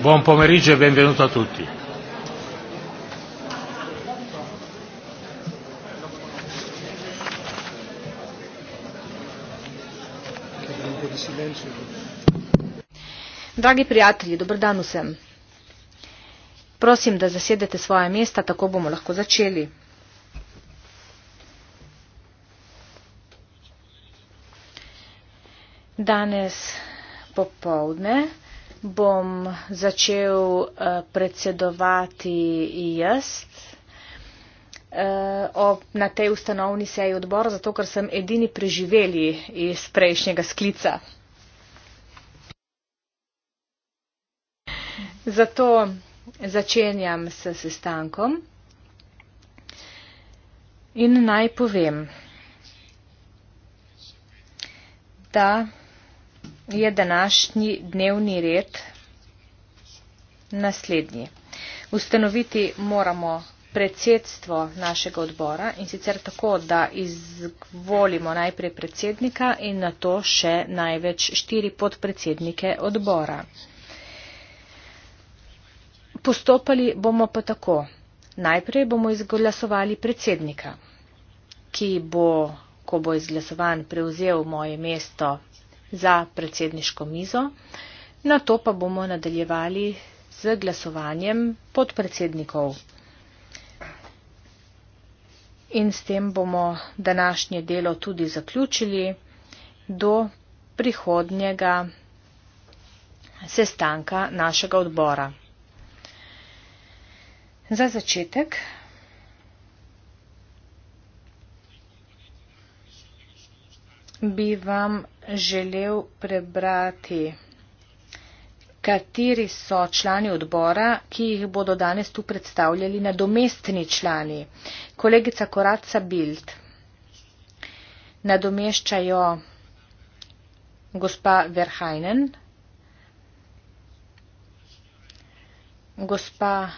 Buon pomeriggio e benvenuto a tutti. Dragi prijatelji, dobrodan vsem. Prosim, da zasedete svoje mesta, tako bomo lahko začeli. Danes popovdne bom začel uh, predsedovati jaz uh, ob, na tej ustanovni seji odbora, zato ker sem edini preživeli iz prejšnjega sklica. Zato začenjam s sestankom in naj povem, da je današnji dnevni red naslednji. Ustanoviti moramo predsedstvo našega odbora in sicer tako, da izvolimo najprej predsednika in na to še največ štiri podpredsednike odbora. Postopali bomo pa tako. Najprej bomo izglasovali predsednika, ki bo, ko bo izglasovan, prevzel moje mesto za predsedniško mizo. Na to pa bomo nadaljevali z glasovanjem podpredsednikov. In s tem bomo današnje delo tudi zaključili do prihodnjega sestanka našega odbora. Za začetek bi vam želel prebrati, kateri so člani odbora, ki jih bodo danes tu predstavljali nadomestni člani. Kolegica Koraca Bild nadomeščajo gospa Verhajnen, gospa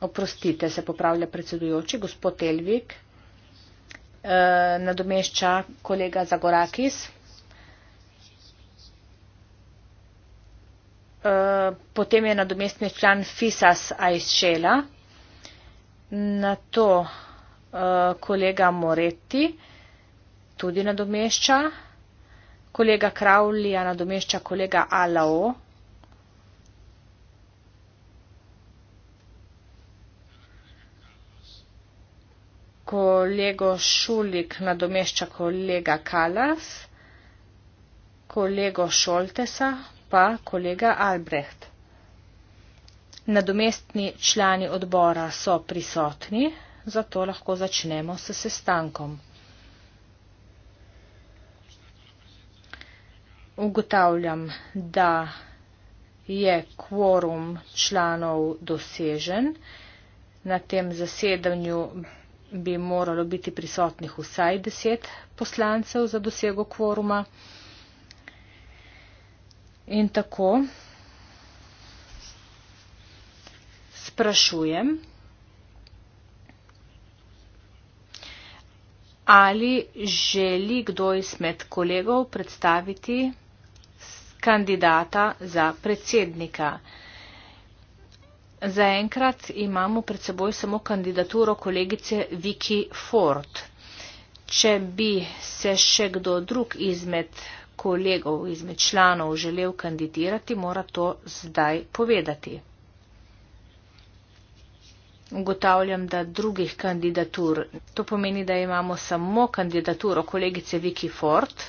Oprostite, se popravlja predsedujoči, gospod Elvik. Eh, nadomešča kolega Zagorakis. Eh, potem je nadomestni član Fisas Aishela, na to eh, kolega Moretti tudi nadomešča, kolega Kravlija nadomešča kolega Alao. kolego Šulik nadomešča kolega Kalas, kolego Šoltesa pa kolega Albreht. Nadomestni člani odbora so prisotni, zato lahko začnemo s sestankom. Ugotavljam, da je kvorum članov dosežen. Na tem zasedanju bi moralo biti prisotnih vsaj deset poslancev za dosego kvoruma. In tako sprašujem, ali želi kdo izmed kolegov predstaviti kandidata za predsednika. Zaenkrat imamo pred seboj samo kandidaturo kolegice Viki Ford. Če bi se še kdo drug izmed kolegov, izmed članov želel kandidirati, mora to zdaj povedati. Ugotavljam, da drugih kandidatur. To pomeni, da imamo samo kandidaturo kolegice Viki Ford.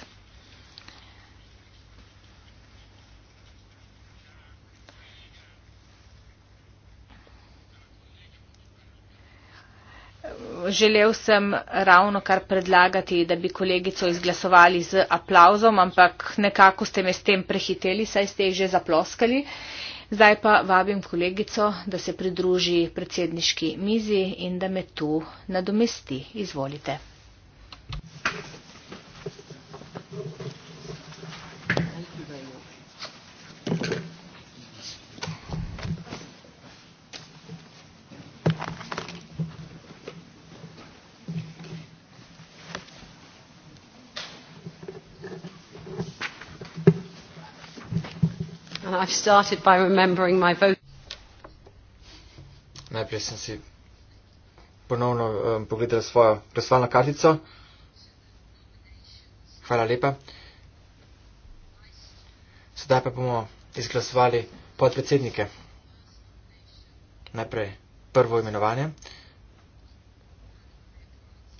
želel sem ravno kar predlagati, da bi kolegico izglasovali z aplauzom, ampak nekako ste me s tem prehiteli, saj ste jih že zaploskali. Zdaj pa vabim kolegico, da se pridruži predsedniški mizi in da me tu nadomesti. Izvolite. I've started by remembering my vote. Najprej sem si ponovno um, pogledal svojo glasovalno kartico. Hvala lepa. Sedaj pa bomo izglasovali podpredsednike. Najprej prvo imenovanje.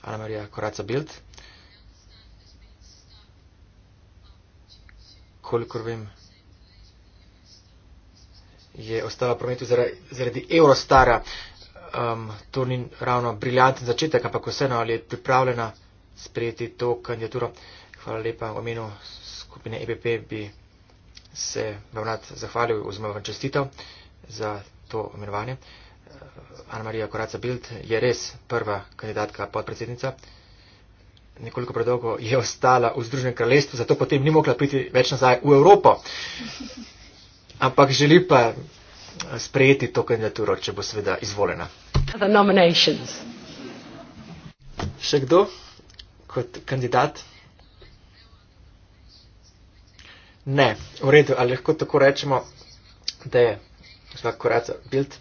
Ana Marija Koraca Bild. Kolikor vem, je ostala v prometu zaradi, zaradi Eurostara. Um, to ni ravno briljanten začetek, ampak vseeno, ali je pripravljena sprejeti to kandidaturo. Hvala lepa v imenu skupine EPP bi se vam rad zahvalil oziroma vam čestitev za to imenovanje. Uh, Ana Marija Koraca Bild je res prva kandidatka podpredsednica. Nekoliko predolgo je ostala v Združenem kraljestvu, zato potem ni mogla priti več nazaj v Evropo ampak želi pa sprejeti to kandidaturo, če bo seveda izvoljena. Še kdo kot kandidat? Ne, v redu, ali lahko tako rečemo, da je gospod Koraca Bild,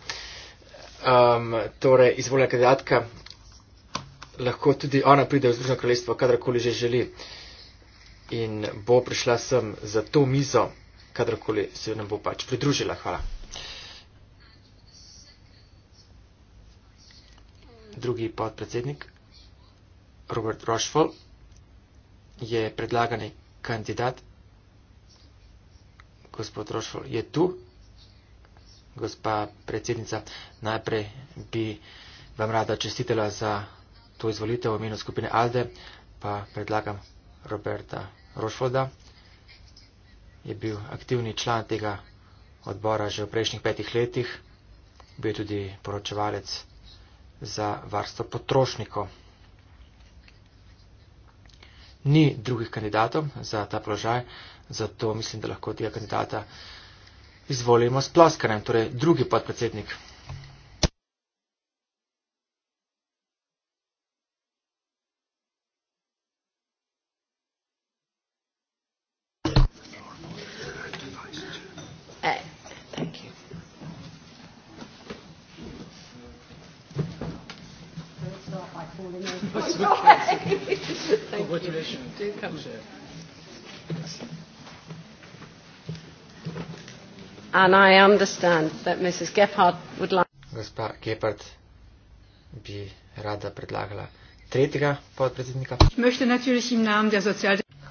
um, torej izvoljena kandidatka, lahko tudi ona pride v Združeno kraljestvo, kadarkoli že želi in bo prišla sem za to mizo kadarkoli se nam bo pač pridružila. Hvala. Drugi podpredsednik, Robert Rošfol, je predlagani kandidat. Gospod Rošfol je tu. Gospa predsednica, najprej bi vam rada čestitela za to izvolitev v imenu skupine ALDE, pa predlagam Roberta Rošfolda je bil aktivni član tega odbora že v prejšnjih petih letih, bil je tudi poročevalec za varstvo potrošnikov. Ni drugih kandidatov za ta položaj, zato mislim, da lahko tega kandidata izvolimo s ploskanjem, torej drugi podpredsednik. calling me. That's okay. Congratulations. Do come. And I understand that Mrs. Gephardt would like. Gospa Gephardt bi rada predlagala tretjega podpredsednika.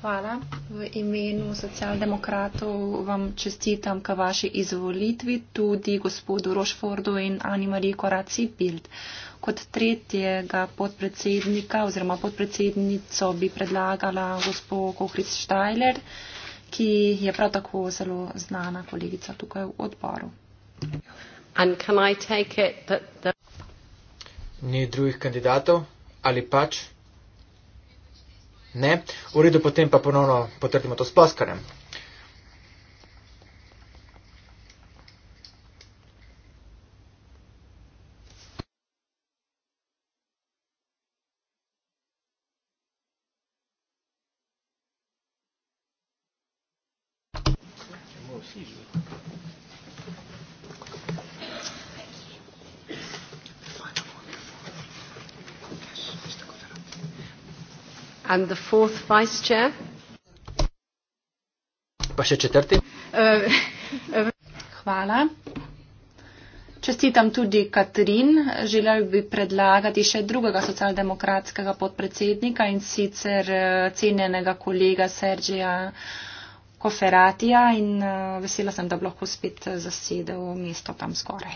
Hvala. V imenu socialdemokratov vam čestitam k vaši izvolitvi tudi gospodu Rošfordu in Anni Marie Koraci Bild. Uh, Kot tretjega podpredsednika oziroma podpredsednico bi predlagala gospod Kohric Štajler, ki je prav tako zelo znana kolegica tukaj v odboru. Ni drugih kandidatov ali pač? Ne. V redu potem pa ponovno potrdimo to s ploskarjem. And the fourth vice chair. Pa še četrti. Uh, Hvala. Čestitam tudi Katrin. Želel bi predlagati še drugega socialdemokratskega podpredsednika in sicer eh, cenjenega kolega Sergeja. Koferatija in eh, vesela sem, da bi lahko spet eh, zasedel mesto tam skoraj.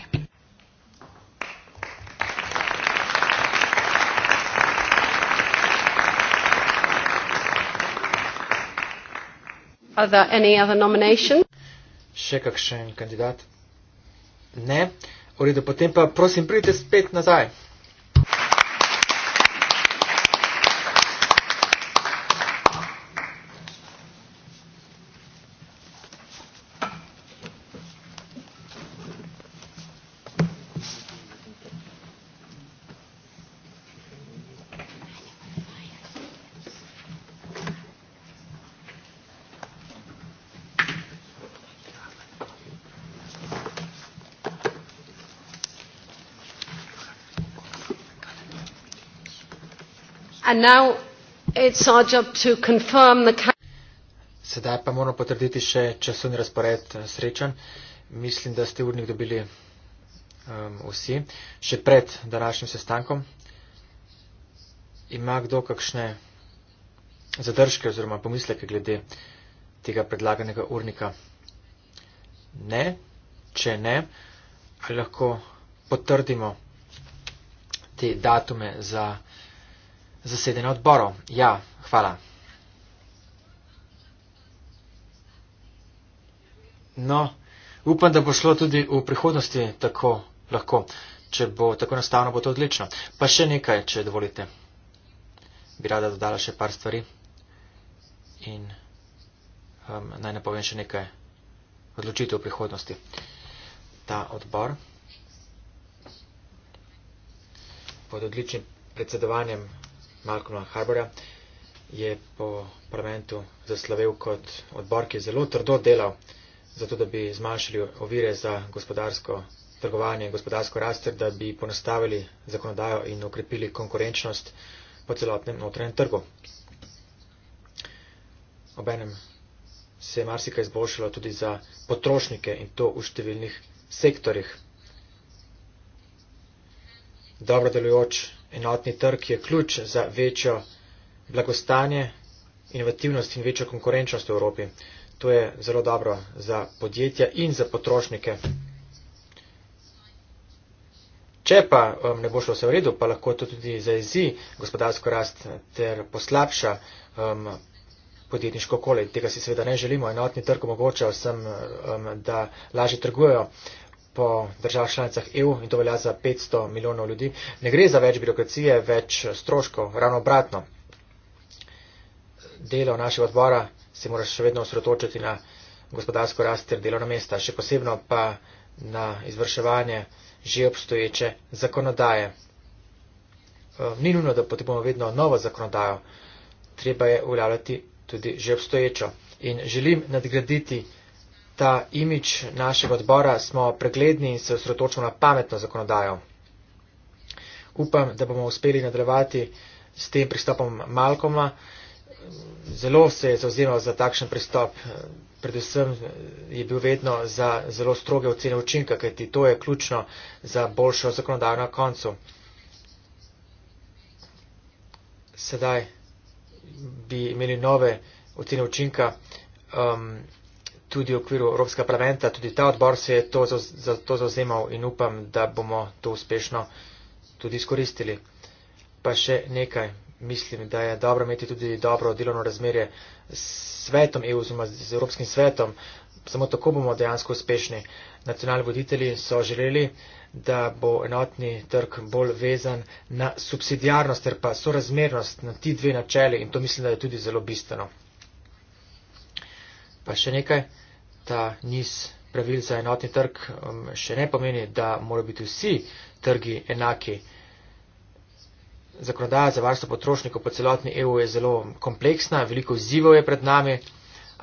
Are there any other nomination? Še kakšen kandidat? Ne. V redu, potem pa prosim, pridite spet nazaj. And now it's our job to confirm the Sedaj pa moramo potrditi še časovni razpored eh, srečan. Mislim, da ste urnik dobili um, vsi. Še pred današnjim sestankom ima kdo kakšne zadržke oziroma pomisleke glede tega predlaganega urnika? Ne. Če ne, ali lahko potrdimo te datume za zasedene odborov. Ja, hvala. No, upam, da bo šlo tudi v prihodnosti tako lahko. Če bo tako enostavno, bo to odlično. Pa še nekaj, če dovolite. Bi rada dodala še par stvari. In um, naj ne povem še nekaj odločitev v prihodnosti. Ta odbor pod odličnim predsedovanjem Malcolma Harbora, je po parlamentu zaslovel kot odbor, ki je zelo trdo delal, zato da bi zmanjšali ovire za gospodarsko trgovanje in gospodarsko raster, da bi ponastavili zakonodajo in ukrepili konkurenčnost po celotnem notranjem trgu. Obenem se je marsikaj izboljšalo tudi za potrošnike in to v številnih sektorjih. Dobro delujoč Enotni trg je ključ za večjo blagostanje, inovativnost in večjo konkurenčnost v Evropi. To je zelo dobro za podjetja in za potrošnike. Če pa um, ne bo šlo vse v redu, pa lahko to tudi zaezi gospodarsko rast ter poslabša um, podjetniško okolje. Tega si seveda ne želimo. Enotni trg omogoča vsem, um, da lažje trgujejo po državah članicah EU in to velja za 500 milijonov ljudi. Ne gre za več birokracije, več stroškov, ravno obratno. Delo našega odbora se mora še vedno osredotočiti na gospodarsko rast ter delovna mesta, še posebno pa na izvrševanje že obstoječe zakonodaje. Eh, ni nujno, da potrebujemo vedno novo zakonodajo, treba je uveljavljati tudi že obstoječo. In želim nadgraditi ta imič našega odbora, smo pregledni in se osredotočili na pametno zakonodajo. Upam, da bomo uspeli nadaljevati s tem pristopom Malkoma. Zelo se je zauzemal za takšen pristop, predvsem je bil vedno za zelo stroge ocene učinka, kajti to je ključno za boljšo zakonodajo na koncu. Sedaj bi imeli nove ocene učinka. Um, tudi v okviru Evropskega parlamenta, tudi ta odbor se je to, za to zauzemal in upam, da bomo to uspešno tudi izkoristili. Pa še nekaj. Mislim, da je dobro imeti tudi dobro delovno razmerje s svetom EU, oziroma z Evropskim svetom. Samo tako bomo dejansko uspešni. Nacionalni voditelji so želeli, da bo enotni trg bolj vezan na subsidijarnost ter pa sorazmernost na ti dve načeli in to mislim, da je tudi zelo bistveno. Pa še nekaj ta niz pravil za enotni trg um, še ne pomeni, da morajo biti vsi trgi enaki. Zakonodaja za varstvo potrošnikov po celotni EU je zelo kompleksna, veliko izzivov je pred nami,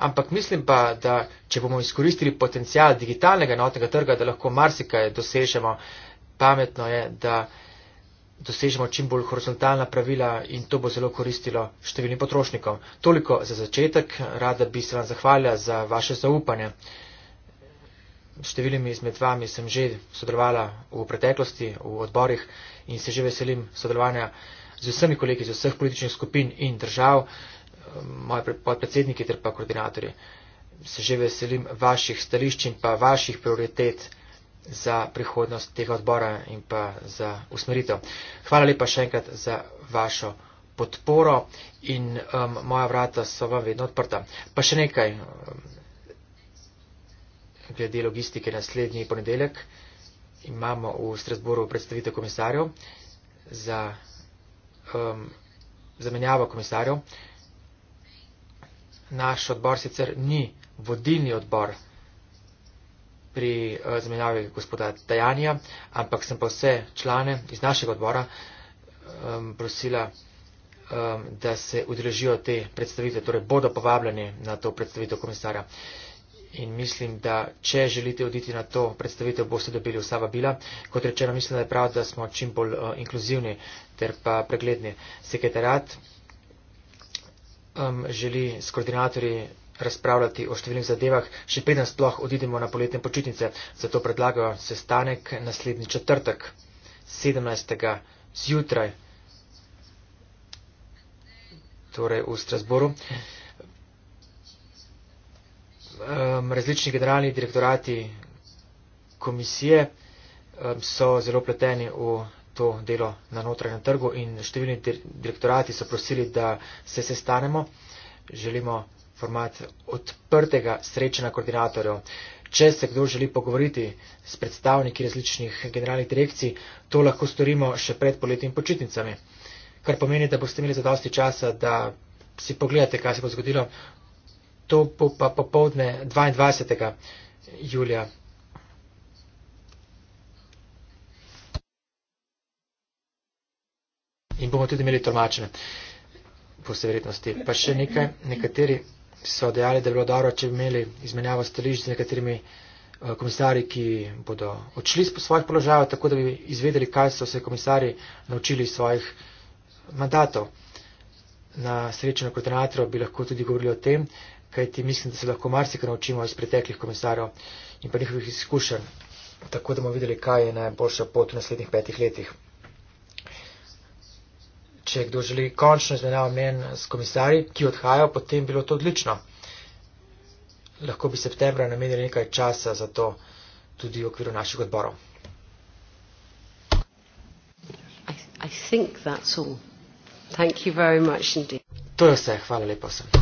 ampak mislim pa, da če bomo izkoristili potencial digitalnega enotnega trga, da lahko marsikaj dosežemo, pametno je, da dosežemo čim bolj horizontalna pravila in to bo zelo koristilo številnim potrošnikom. Toliko za začetek, rada bi se vam zahvalila za vaše zaupanje. Številimi izmed vami sem že sodelovala v preteklosti, v odborih in se že veselim sodelovanja z vsemi kolegi iz vseh političnih skupin in držav, moji podpredsedniki ter pa koordinatorji. Se že veselim vaših stališč in pa vaših prioritet za prihodnost tega odbora in pa za usmeritev. Hvala lepa še enkrat za vašo podporo in um, moja vrata so vam vedno odprta. Pa še nekaj um, glede logistike naslednji ponedeljek. Imamo v Strasburu predstavitev komisarjev za um, zamenjavo komisarjev. Naš odbor sicer ni vodilni odbor pri eh, zamenjavi gospoda Dajanja, ampak sem pa vse člane iz našega odbora um, prosila, um, da se udrežijo te predstavitve, torej bodo povabljeni na to predstavitev komisarja. In mislim, da če želite oditi na to predstavitev, boste dobili vsa vabila. Kot rečeno, mislim, da je prav, da smo čim bolj uh, inkluzivni ter pa pregledni sekretarat um, želi s koordinatorji razpravljati o številnih zadevah, še preden sploh odidemo na poletne počitnice. Zato predlagajo sestanek naslednji četrtek, 17. zjutraj, torej v Strasboru. Um, različni generalni direktorati komisije um, so zelo pleteni v to delo na notranjem trgu in številni direktorati so prosili, da se sestanemo. Želimo format odprtega srečanja koordinatorjev. Če se kdo želi pogovoriti s predstavniki različnih generalnih direkcij, to lahko storimo še pred poletnimi počitnicami, kar pomeni, da boste imeli zadosti časa, da si pogledate, kaj se bo zgodilo. To bo pa popovdne 22. julija in bomo tudi imeli tolmačene po vse verjetnosti. Pa še nekaj, nekateri so dejali, da bi bilo dobro, če bi imeli izmenjavo stališč z nekaterimi eh, komisarji, ki bodo odšli po svojih položajev, tako da bi izvedeli, kaj so se komisarji naučili iz svojih eh, mandatov. Na srečanju koordinatorjev bi lahko tudi govorili o tem, kajti mislim, da se lahko marsikaj naučimo iz preteklih komisarjev in pa njihovih izkušenj, tako da bomo videli, kaj je najboljša pot v naslednjih petih letih če kdo želi končno izmenjavo mnen s komisarji, ki odhajajo, potem bilo to odlično. Lahko bi septembra namenili nekaj časa za to tudi v okviru naših odborov. I think that's all. Thank you very much indeed. To je vse, hvala lepa vsem.